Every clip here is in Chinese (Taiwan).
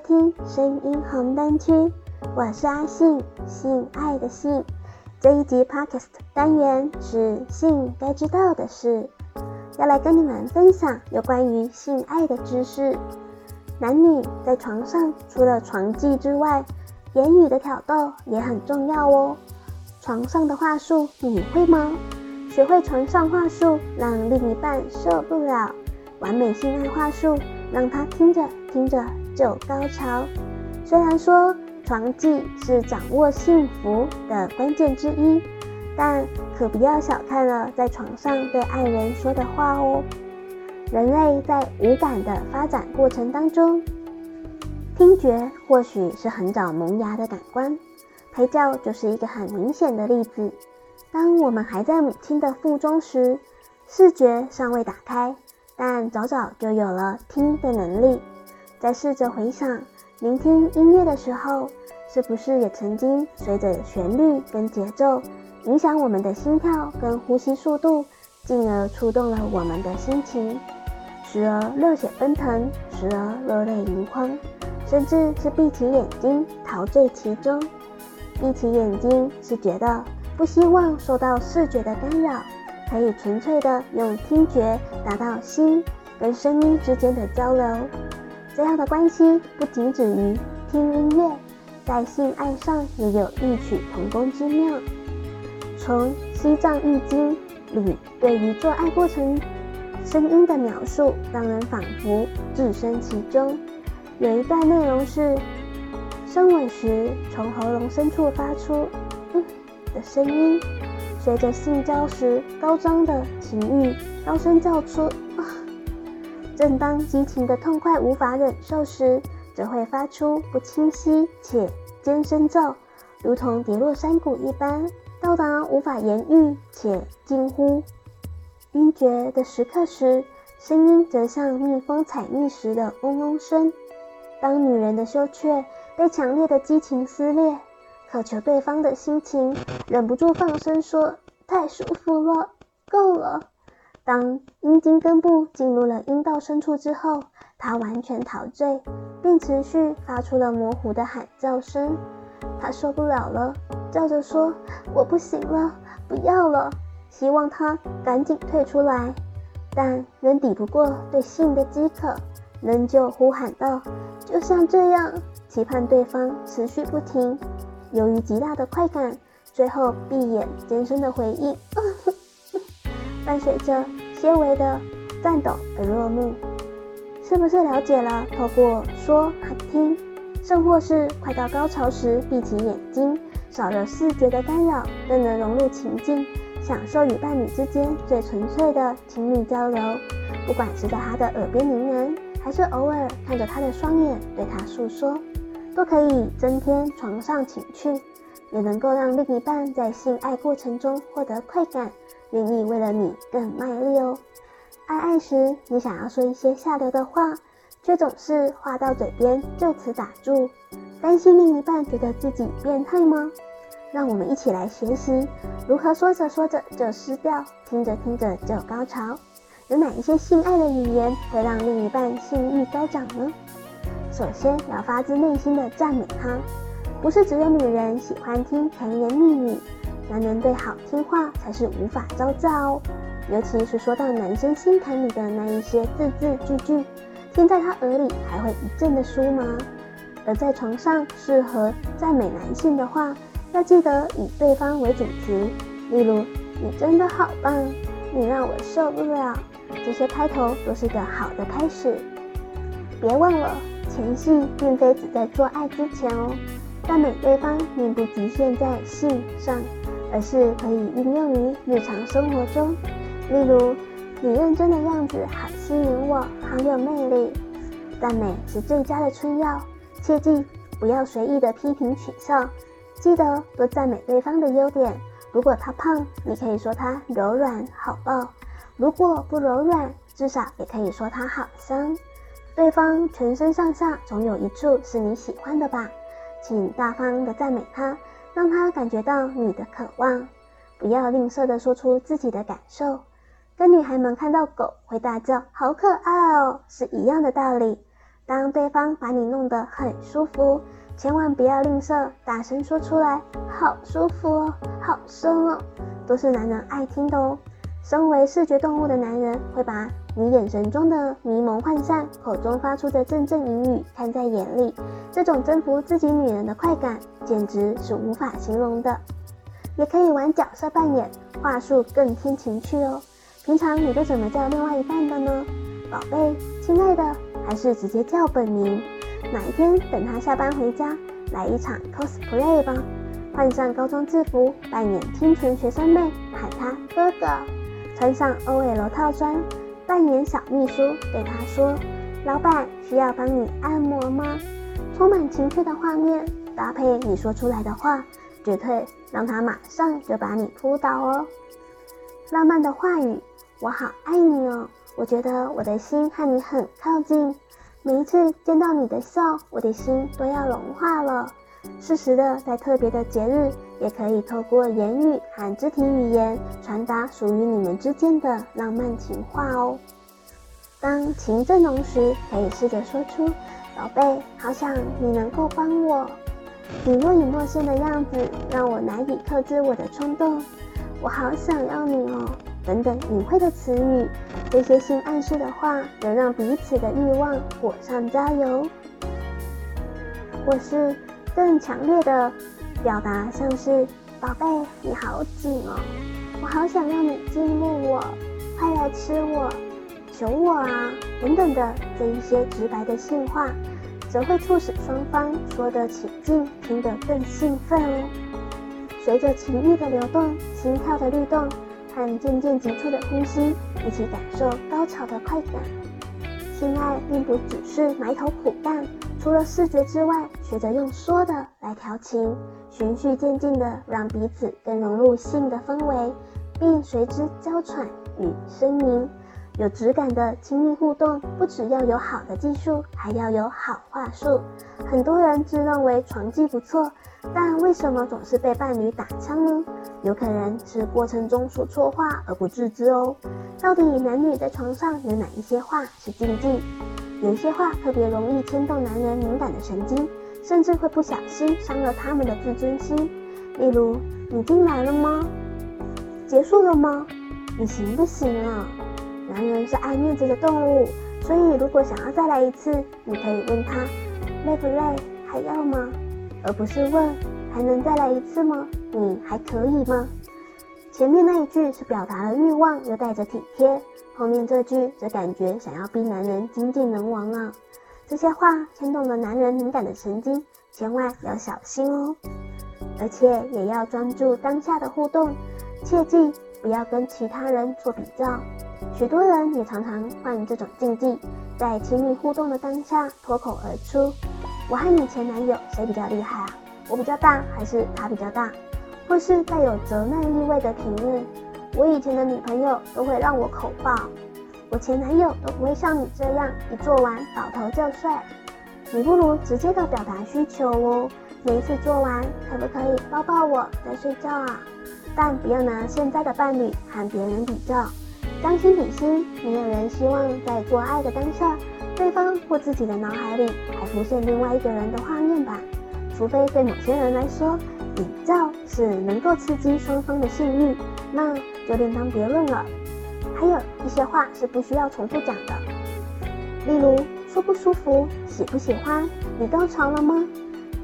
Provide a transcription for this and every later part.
聽聲音紅燈區，我是阿性，性愛的性。這一集 podcast 單元是性該知道的事，要來跟你們分享有關於性愛的知識。男女在床上除了床技之外，言語的挑逗也很重要哦。床上的話術你會嗎？學會床上話術，讓另一半受不了。完美性愛話術，讓她聽着聽着。就高潮。雖然說床技是掌握性福的關鍵之一，但可不要小看了在床上對愛人說的話哦。人類在五感的發展過程當中，聽覺或許是很早萌芽的感官，胎教就是一個很明顯的例子。當我們還在母親的腹中時，視覺尚未打開，但早早就有了聽的能力。在試着回想、聆聽音樂的時候，是不是也曾經隨着旋律跟節奏影響我們的心跳跟呼吸速度，進而觸動了我們的心情？時而熱血奔騰，時而熱淚盈眶，甚至是閉起眼睛陶醉其中。閉起眼睛是覺得不希望受到視覺的干擾，可以純粹地用聽覺達到心跟聲音之間的交流。這樣的關係不僅止於聽音樂，在性愛上也有異曲同工之妙。從西藏《易經》裡對於做愛過程聲音的描述，讓人仿佛置身其中。有一段內容是：深吻時從喉嚨深處發出“嗯”的聲音，隨着性交時高漲的情欲，高聲叫出“啊”。正當激情的痛快無法忍受時，則會發出不清晰且尖聲咒，如同跌落山谷一般；到達無法言喻且近乎暈厥的時刻時，聲音則像蜜蜂採蜜時的嗡嗡聲。當女人的羞怯被強烈的激情撕裂，渴求對方的心情，忍不住放聲說：“太舒服了，夠了。”當陰莖根部進入了陰道深處之後，他完全陶醉，並持續發出了模糊的喊叫聲。他受不了了，叫着說：“我不行了，不要了！”希望他趕緊退出來，但仍抵不過對性的飢渴，仍舊呼喊道：“就像這樣！”期盼對方持續不停。由於極大的快感，最後閉眼艱深的回應：“嗯。”伴隨着些微的顫抖而落幕，是不是了解了？透過說、和聽，甚或是快到高潮時閉起眼睛，少了視覺的干擾，更能融入情境，享受與伴侶之間最純粹的親密交流。不管是在他的耳邊呢喃，還是偶爾看着他的雙眼對他訴說，都可以增添床上情趣，也能夠讓另一半在性愛過程中獲得快感。願意為了你更賣力哦。愛愛時，你想要說一些下流的話，卻總是話到嘴邊就此打住，擔心另一半覺得自己變態嗎？讓我們一起來學習如何說着說着就濕掉，聽着聽着就高潮。有哪一些性愛的語言會讓另一半性欲高漲呢？首先要發自內心的讚美他，不是只有女人喜歡聽甜言蜜語。男人對好聽話才是無法招架哦，尤其是說到男生心坎裡的那一些字字句句，聽在他耳裡還會一陣的酥麻。而在床上適合讚美男性的話，要記得以對方為主題，例如“你真的好棒”“你讓我受不了”，這些開頭都是個好的開始。別忘了，前戲並非只在做愛之前哦，讚美對方並不局限在性上。而是可以應用於日常生活中，例如，你認真的樣子好吸引我，好有魅力。讚美是最佳的春藥，切記不要隨意的批評取笑。記得多讚美對方的優點。如果他胖，你可以說他柔軟好抱；如果不柔軟，至少也可以說他好香。對方全身上下總有一處是你喜歡的吧？請大方的讚美他。讓他感覺到你的渴望，不要吝嗇地說出自己的感受，跟女孩們看到狗會大叫“好可愛哦”是一樣的道理。當對方把你弄得很舒服，千萬不要吝嗇，大聲說出來，“好舒服哦，好深哦”，都是男人愛聽的哦。身為視覺動物的男人會把。你眼神中的迷濛渙散，口中發出的陣陣隱語，看在眼裡，這種征服自己女人的快感，簡直是無法形容的。也可以玩角色扮演，話術更添情趣哦。平常你都怎麼叫另外一半的呢？寶貝、親愛的，還是直接叫本名？哪一天等他下班回家，來一場 cosplay 吧，換上高中制服，扮演清純學生妹，喊他哥哥；穿上 OL 套裝。扮演小秘書對他說：“老板需要幫你按摩嗎？”充滿情趣的畫面搭配你說出來的話，絕對讓他馬上就把你撲倒哦！浪漫的話語，我好愛你哦！我覺得我的心和你很靠近，每一次見到你的笑，我的心都要融化了。適時的，在特別的節日，也可以透過言語和肢體語言傳達屬於你們之間的浪漫情話哦。當情正濃時，可以試着說出“寶貝，好想你，能夠幫我。”你若隱若現的樣子，讓我難以克制我的衝動，我好想要你哦……等等隱晦的詞語，這些性暗示的話，能讓彼此的欲望火上加油，或是。更強烈的表達，像是“寶貝，你好緊哦，我好想讓你進入我，快來吃我，求我啊”等等的這一些直白的性話，則會促使雙方說得起勁，聽得更興奮哦。隨着情欲的流動、心跳的律動和漸漸急促的呼吸，一起感受高潮的快感。性愛並不只是埋頭苦幹。除了視覺之外，學着用說的來調情，循序漸進的讓彼此更融入性的氛圍，並隨之嬌喘與呻吟。有質感的親密互動，不只要有好的技術，還要有好話術。很多人自認為床技不錯，但為什麼總是被伴侶打槍呢？有可能是過程中說錯話而不自知哦。到底男女在床上有哪一些話是禁忌？有些話特別容易牽動男人敏感的神經，甚至會不小心傷了他們的自尊心。例如：“你進來了嗎？結束了嗎？你行不行啊？”男人是愛面子的動物，所以如果想要再來一次，你可以問他：“累不累？還要嗎？”而不是問：“還能再來一次嗎？你還可以嗎？”前面那一句是表達了欲望，又帶着體貼；後面這句則感覺想要逼男人精盡人亡啊！這些話牽動了男人敏感的神經，千萬要小心哦。而且也要專注當下的互動，切記不要跟其他人做比較。許多人也常常患這種禁忌，在親密互動的當下脫口而出：“我和你前男友誰比較厲害啊？我比較大還是他比較大？”或是帶有責難意味的評論，我以前的女朋友都會讓我口爆，我前男友都不會像你這樣，一做完倒頭就睡。你不如直接的表達需求哦，每一次做完，可不可以抱抱我再睡覺啊？但不要拿現在的伴侶和別人比較，將心比心，沒有人希望在做愛的當下，對方或自己的腦海裡還浮現另外一個人的畫面吧？除非對某些人來說，比較。只能夠刺激雙方的性慾，那就另當別論了。還有一些話是不需要重複講的，例如說不舒服、喜不喜歡、你高潮了嗎？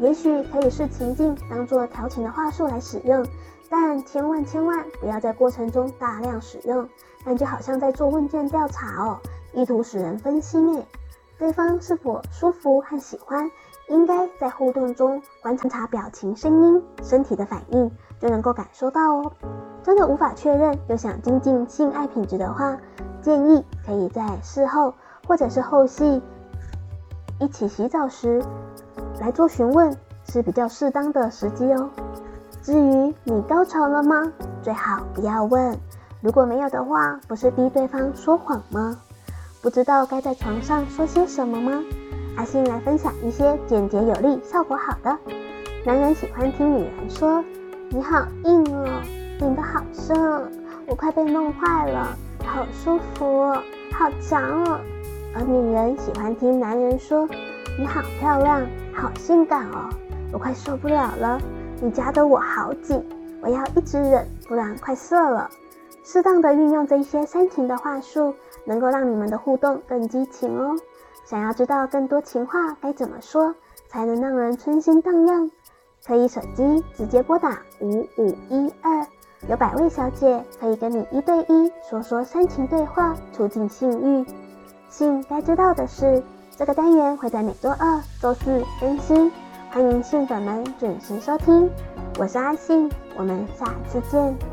也許可以是情境當做調情的話術來使用，但千萬千萬不要在過程中大量使用，感覺好像在做問卷調查哦，意圖使人分心誒。對方是否舒服和喜歡？應該在互動中觀察表情、聲音、身體的反應，就能夠感受到哦。真的無法確認又想增進性愛品質的話，建議可以在事後或者是後戲一起洗澡時來做詢問，是比較適當的時機哦。至於你高潮了嗎？最好不要問。如果沒有的話，不是逼對方說謊嗎？不知道該在床上說些什麼嗎？阿性來分享一些簡潔有力、效果好的。男人喜歡聽女人說：“你好硬哦，頂得好深哦，我快被弄壞了，好舒服哦，好強哦。”而女人喜歡聽男人說：“你好漂亮，好性感哦，我快受不了了，你夾得我好緊，我要一直忍，不然快射了。”適當的運用這一些煽情的話術，能夠讓你們的互動更激情哦。想要知道更多情話該怎麼說，才能讓人春心蕩漾？可以手機直接撥打五五一二，有百位小姐可以跟你一對一說說煽情對話，促進性慾。性該知道的事，這個單元會在每周二、周四更新，歡迎性粉們準時收聽。我是阿性，我們下次見。